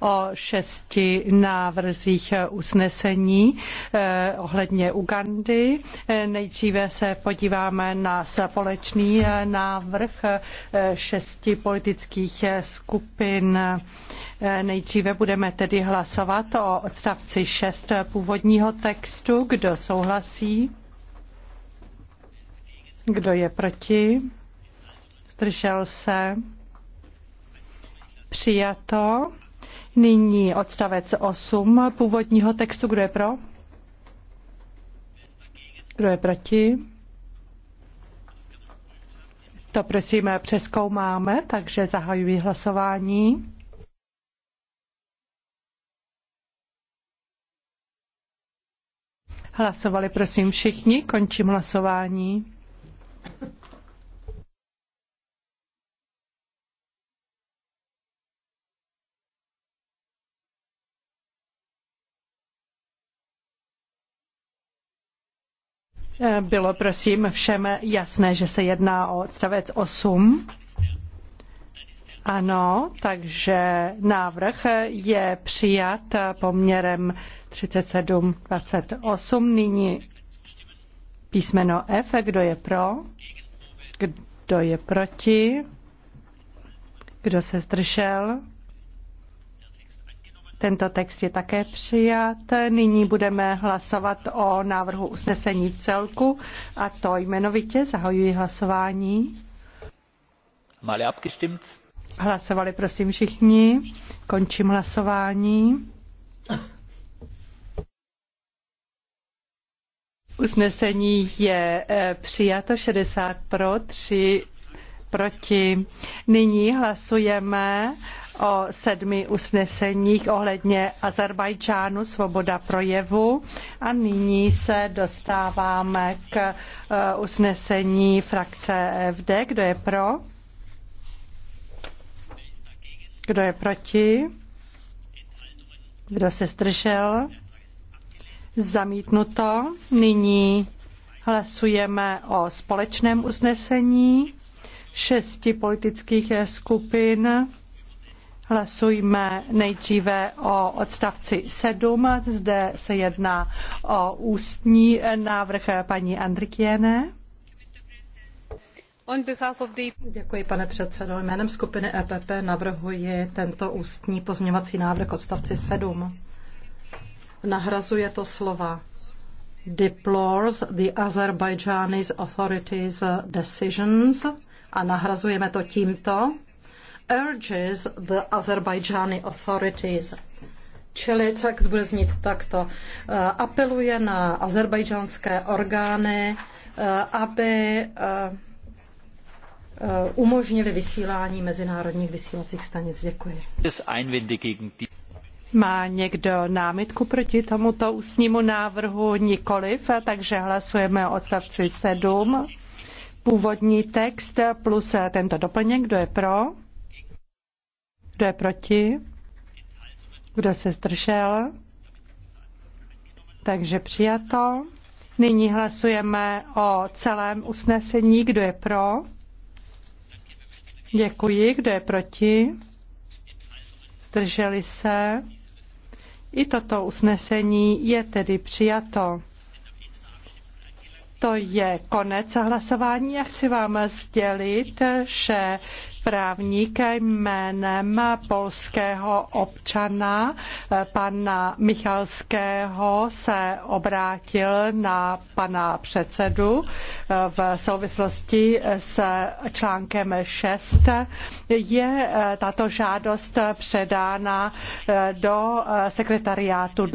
o šesti návrzích usnesení eh, ohledně Ugandy. Eh, nejdříve se podíváme na společný eh, návrh šesti politických skupin. Nejdříve budeme tedy hlasovat o odstavci šest původního textu. Kdo souhlasí? Kdo je proti? Zdržel se? Přijato. Nyní odstavec 8 původního textu. Kdo je pro? Kdo je proti? To prosím přeskoumáme, takže zahajuji hlasování. Hlasovali prosím všichni, končím hlasování. Bylo prosím všem jasné, že se jedná o odstavec 8. Ano, takže návrh je přijat poměrem 37-28. Nyní písmeno F. Kdo je pro? Kdo je proti? Kdo se zdržel? Tento text je také přijat. Nyní budeme hlasovat o návrhu usnesení v celku a to jmenovitě zahajuji hlasování. Mali abgestimmt? Hlasovali prosím všichni. Končím hlasování. Usnesení je eh, přijato 60 pro, 3 proti. Nyní hlasujeme o sedmi usneseních ohledně Azerbajdžánu, svoboda projevu. A nyní se dostáváme k eh, usnesení frakce FD. Kdo je pro? Kdo je proti? Kdo se zdržel? Zamítnuto. Nyní hlasujeme o společném usnesení šesti politických skupin. Hlasujme nejdříve o odstavci 7. Zde se jedná o ústní návrh paní Andrikiene. Děkuji, pane předsedo. Jménem skupiny EPP navrhuji tento ústní pozměňovací návrh k odstavci 7. Nahrazuje to slova deplores the Azerbaijani's authorities' decisions a nahrazujeme to tímto urges the Azerbaijani authorities. Čili tak bude znít takto. Eh, apeluje na azerbajdžánské orgány, eh, aby eh, umožnili vysílání mezinárodních vysílacích stanic. Děkuji. Má někdo námitku proti tomuto ústnímu návrhu? Nikoliv, takže hlasujeme o odstavci 7. Původní text plus tento doplněk. Kdo je pro? Kdo je proti? Kdo se zdržel? Takže přijato. Nyní hlasujeme o celém usnesení. Kdo je pro? Děkuji. Kdo je proti? Zdrželi se? I toto usnesení je tedy přijato. To je konec hlasování a chci vám sdělit, že právník jménem polského občana pana Michalského se obrátil na pana předsedu v souvislosti s článkem 6. Je tato žádost předána do sekretariátu.